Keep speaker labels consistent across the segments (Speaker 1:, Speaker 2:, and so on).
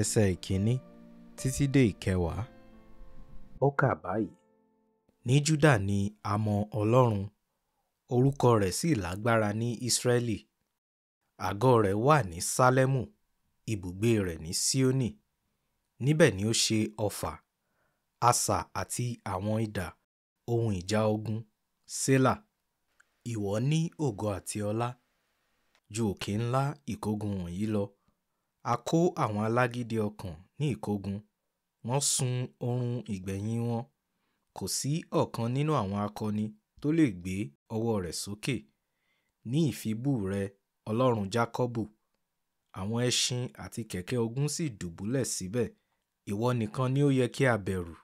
Speaker 1: ẹsẹ̀ ìkíní títí dé ìkẹwàá. ó kà báyìí. ní júdà ni a mọ ọlọ́run orúkọ rẹ̀ sì lágbára ní ísírẹ́lì àgọ́ rẹ̀ wà ní sálẹ́mù ibùgbé rẹ̀ ní síónì níbẹ̀ ni ó ṣe ọfà asà àti àwọn idà ohun ìjà ogun sélà ìwọ ní ògo àti ọlá ju òkè ńlá ìkógun wọ̀nyí lọ A kó àwọn alágídí ọkàn ní ìkógun, wọ́n sun oorun ìgbẹ̀yìn wọn, kò sí ọ̀kan nínú àwọn akọni tó lè gbé ọwọ́ rẹ̀ sókè. Ní ìfibú rẹ̀, Ọlọ́run Jákọ́bù, àwọn ẹṣin àti kẹ̀kẹ́ ogun sì dùbúlẹ̀ síbẹ̀. Ìwọ nìkan ni ó yẹ kí a bẹ̀rù.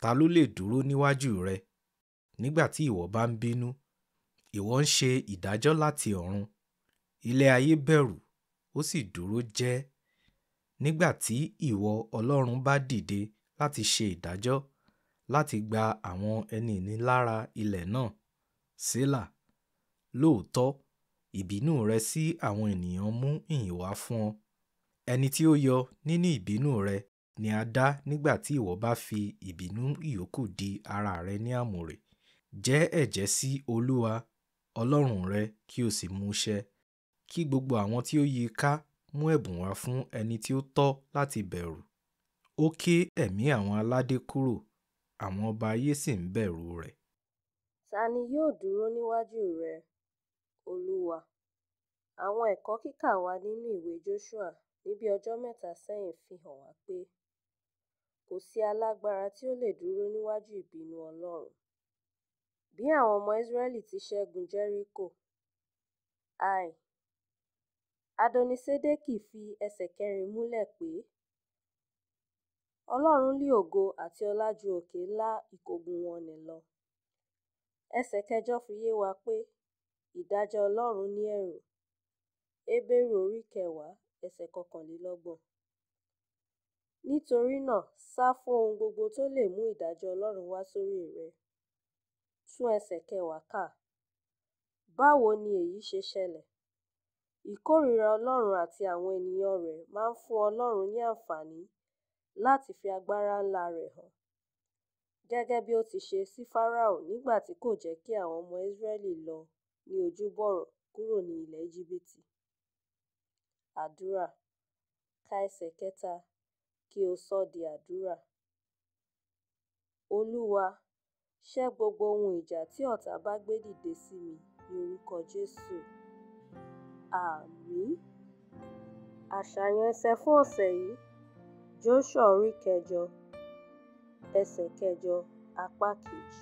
Speaker 1: Ta ló lè dúró níwájú rẹ? Nígbà tí ìwọ bá ń bínú, ìwọ ń ṣe ìdájọ́ láti ọ̀run. Ilẹ̀ ayé bẹ̀rù ó sì dúró jẹ́ nígbà tí ìwọ Ọlọ́run bá dìde láti ṣe ìdájọ́ láti gba àwọn ẹni ìnilára ilẹ̀ náà. Sélah. Lóòótọ́, ìbínú rẹ sí àwọn ènìyàn mú ìyìn wá fún ọ. Ẹni tí ó yọ nínú ìbínú rẹ ni a dá nígbà tí ìwọ bá fi ìbínú ìyókù di ara rẹ ní àmùrè. Jẹ́ ẹ̀jẹ́ sí Olúwa Ọlọ́run rẹ kí o sì mú ṣẹ kí gbogbo àwọn tí ó yí i ká mú ẹ̀bùn wá fún ẹni tí ó tọ́ láti bẹ̀rù. Ó ké ẹ̀mí àwọn aládé kúrò, àwọn ọba ayé sì ń bẹ̀rù rẹ̀.
Speaker 2: Ta ni yóò dúró níwájú rẹ, Olúwa? Àwọn ẹ̀kọ́ kíkà wa nínú ìwé Jóṣúà ní ọjọ́ mẹ́ta sẹ́yìn fi hàn wá pé kò sí alágbára tí ó lè dúró níwájú ìbínú Ọlọ́run. Bí àwọn ọmọ Ísírẹ́lì ti ṣẹ́gun Jẹ́ríkò, Ai adoniṣédèkì fi ẹsẹ kẹrin múlẹ pé ọlọrun ní ògo àti ọlá ju òkè ńlá ìkógun wọn nì lọ ẹsẹ kẹjọ fi yé wa pé ìdájọ ọlọrun ní ẹrù hébérù orí kẹwàá ẹsẹ kọkànlélọgbọn nítorí náà sá fún ohun gbogbo tó lè mú ìdájọ ọlọrun wá sórí rẹ tún ẹsẹ kẹwàá kà báwo ni èyí ṣe ṣẹlẹ ìkórìíra ọlọrun àti àwọn ènìyàn rẹ máa ń fún ọlọrun ní àǹfààní láti fi agbára ńlá rẹ hàn gẹgẹ bí ó ti ṣe sí fáráò nígbà tí kò jẹ kí àwọn ọmọ ísírẹlì lọ ní ojúbọrọ kúrò ní ilẹ éjíbítì àdúrà ka kẹta kí o sọ di àdúrà olúwa ṣẹ gbogbo ohun ìjà tí ọtá bá gbé dìde sí mi ní orúkọ jésù Àmín. Àṣàyàn ẹsẹ̀ fún ọ̀sẹ̀ yìí. Jóṣúà orí kẹjọ ẹsẹ̀ kẹjọ apá kejì.